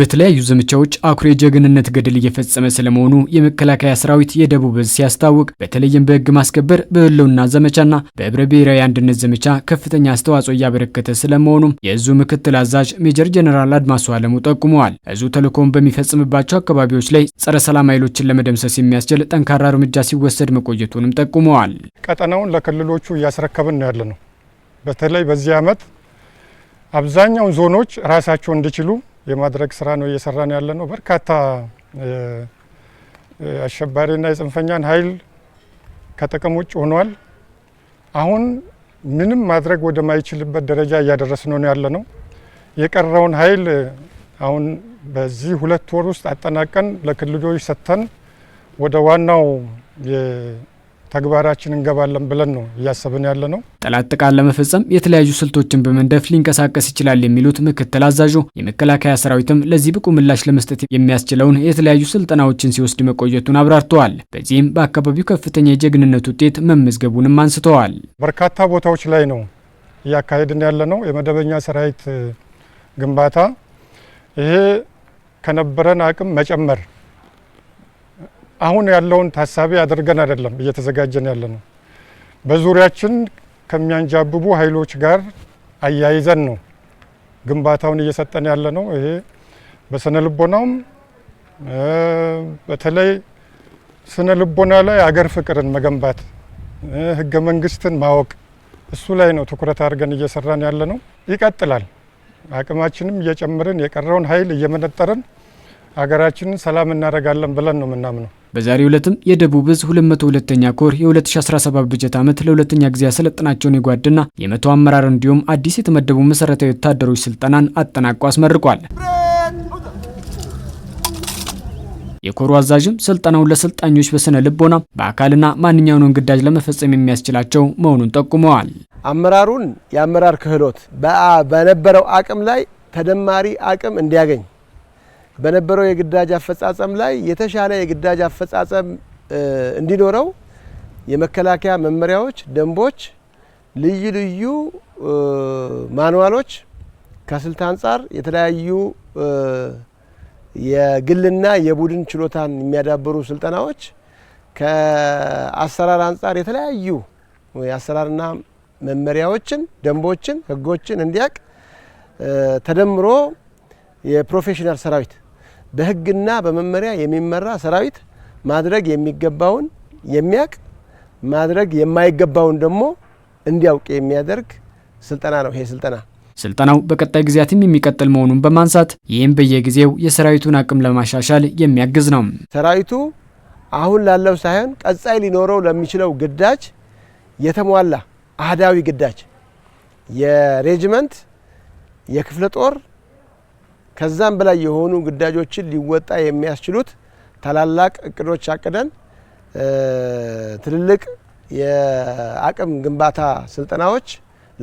በተለያዩ ዘመቻዎች አኩሪ የጀግንነት ገድል እየፈጸመ ስለመሆኑ የመከላከያ ሰራዊት የደቡብ እዝ ሲያስታውቅ በተለይም በህግ ማስከበር በህልውና ዘመቻና በህብረ ብሔራዊ አንድነት ዘመቻ ከፍተኛ አስተዋጽኦ እያበረከተ ስለመሆኑም የእዙ ምክትል አዛዥ ሜጀር ጀነራል አድማሱ አለሙ ጠቁመዋል። እዙ ተልዕኮውን በሚፈጽምባቸው አካባቢዎች ላይ ጸረ ሰላም ኃይሎችን ለመደምሰስ የሚያስችል ጠንካራ እርምጃ ሲወሰድ መቆየቱንም ጠቁመዋል። ቀጠናውን ለክልሎቹ እያስረከብን ነው ያለ ነው። በተለይ በዚህ ዓመት አብዛኛውን ዞኖች ራሳቸው እንዲችሉ የማድረግ ስራ ነው እየሰራ ነው ያለ ነው። በርካታ አሸባሪና የጽንፈኛን ኃይል ከጥቅም ውጭ ሆኗል። አሁን ምንም ማድረግ ወደማይችልበት ደረጃ እያደረስ ነው ያለ ነው። የቀረውን ኃይል አሁን በዚህ ሁለት ወር ውስጥ አጠናቀን ለክልሎች ሰጥተን ወደ ዋናው ተግባራችን እንገባለን ብለን ነው እያሰብን ያለ ነው። ጠላት ጥቃት ለመፈጸም የተለያዩ ስልቶችን በመንደፍ ሊንቀሳቀስ ይችላል የሚሉት ምክትል አዛዡ የመከላከያ ሰራዊትም ለዚህ ብቁ ምላሽ ለመስጠት የሚያስችለውን የተለያዩ ስልጠናዎችን ሲወስድ መቆየቱን አብራርተዋል። በዚህም በአካባቢው ከፍተኛ የጀግንነት ውጤት መመዝገቡንም አንስተዋል። በርካታ ቦታዎች ላይ ነው እያካሄድን ያለ ነው የመደበኛ ሰራዊት ግንባታ። ይሄ ከነበረን አቅም መጨመር አሁን ያለውን ታሳቢ አድርገን አይደለም እየተዘጋጀን ያለ ነው። በዙሪያችን ከሚያንጃብቡ ኃይሎች ጋር አያይዘን ነው ግንባታውን እየሰጠን ያለ ነው። ይሄ በስነ ልቦናውም በተለይ ስነ ልቦና ላይ አገር ፍቅርን መገንባት ህገ መንግስትን ማወቅ እሱ ላይ ነው ትኩረት አድርገን እየሰራን ያለ ነው። ይቀጥላል። አቅማችንም እየጨመርን የቀረውን ኃይል እየመነጠርን ሀገራችንን ሰላም እናደርጋለን ብለን ነው የምናምነው። በዛሬው ዕለትም የደቡብ እዝ 202ኛ ኮር የ2017 በጀት ዓመት ለሁለተኛ ጊዜ ያሰለጠናቸውን የጓድና የመቶ አመራር እንዲሁም አዲስ የተመደቡ መሰረታዊ ወታደሮች ስልጠናን አጠናቆ አስመርቋል። የኮሩ አዛዥም ስልጠናውን ለሰልጣኞች በስነ ልቦና በአካልና ማንኛውንም ግዳጅ ለመፈጸም የሚያስችላቸው መሆኑን ጠቁመዋል። አመራሩን የአመራር ክህሎት በነበረው አቅም ላይ ተደማሪ አቅም እንዲያገኝ በነበረው የግዳጅ አፈጻጸም ላይ የተሻለ የግዳጅ አፈጻጸም እንዲኖረው የመከላከያ መመሪያዎች፣ ደንቦች፣ ልዩ ልዩ ማንዋሎች ከስልት አንጻር የተለያዩ የግልና የቡድን ችሎታን የሚያዳብሩ ስልጠናዎች ከአሰራር አንጻር የተለያዩ የአሰራርና መመሪያዎችን፣ ደንቦችን፣ ህጎችን እንዲያቅ ተደምሮ የፕሮፌሽናል ሰራዊት በህግና በመመሪያ የሚመራ ሰራዊት ማድረግ የሚገባውን የሚያቅ ማድረግ የማይገባውን ደግሞ እንዲያውቅ የሚያደርግ ስልጠና ነው ይሄ ስልጠና። ስልጠናው በቀጣይ ጊዜያትም የሚቀጥል መሆኑን በማንሳት ይህም በየጊዜው የሰራዊቱን አቅም ለማሻሻል የሚያግዝ ነው። ሰራዊቱ አሁን ላለው ሳይሆን ቀጻይ ሊኖረው ለሚችለው ግዳጅ የተሟላ አህዳዊ ግዳጅ የሬጅመንት የክፍለ ጦር ከዛም በላይ የሆኑ ግዳጆችን ሊወጣ የሚያስችሉት ታላላቅ እቅዶች አቅደን ትልልቅ የአቅም ግንባታ ስልጠናዎች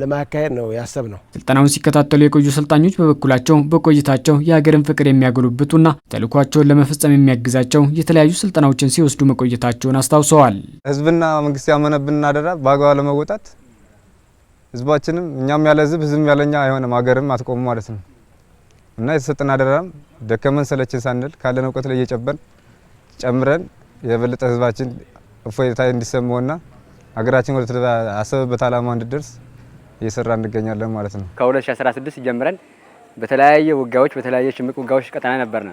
ለማካሄድ ነው ያሰብ ነው። ስልጠናውን ሲከታተሉ የቆዩ ሰልጣኞች በበኩላቸው በቆይታቸው የሀገርን ፍቅር የሚያጎለብቱና ተልኳቸውን ለመፈጸም የሚያግዛቸው የተለያዩ ስልጠናዎችን ሲወስዱ መቆየታቸውን አስታውሰዋል። ህዝብና መንግስት ያመነብን አደራ በአግባቡ ለመወጣት ህዝባችንም እኛም ያለ ህዝብ ህዝብም ያለኛ አይሆንም፣ ሀገርም አትቆሙ ማለት ነው። እና የተሰጠን አደራም ደከመን ሰለችን ሳንል ካለን እውቀት ላይ እየጨበን ጨምረን የበለጠ ህዝባችን እፎይታ እንዲሰማውና ሀገራችን ወደ አሰበበት ዓላማ እንድደርስ እየሰራ እንገኛለን ማለት ነው። ከ2016 ጀምረን በተለያየ ውጋዎች በተለያየ ሽምቅ ውጋዎች ቀጠና ነበርነ።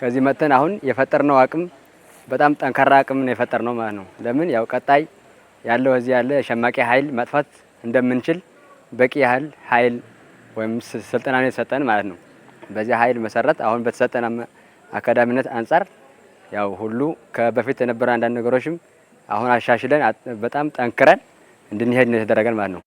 ከዚህ መጥተን አሁን የፈጠርነው አቅም በጣም ጠንካራ አቅም ነው የፈጠርነው ማለት ነው። ለምን ያው ቀጣይ ያለው እዚህ ያለ ሸማቂ ኃይል ማጥፋት እንደምንችል በቂ ያህል ኃይል ወይም ስልጠና ነው የተሰጠን ማለት ነው። በዚያ ኃይል መሰረት አሁን በተሰጠን አካዳሚነት አንጻር ያው ሁሉ ከበፊት የነበረ አንዳንድ ነገሮችም አሁን አሻሽለን በጣም ጠንክረን እንድንሄድ ነው የተደረገን ማለት ነው።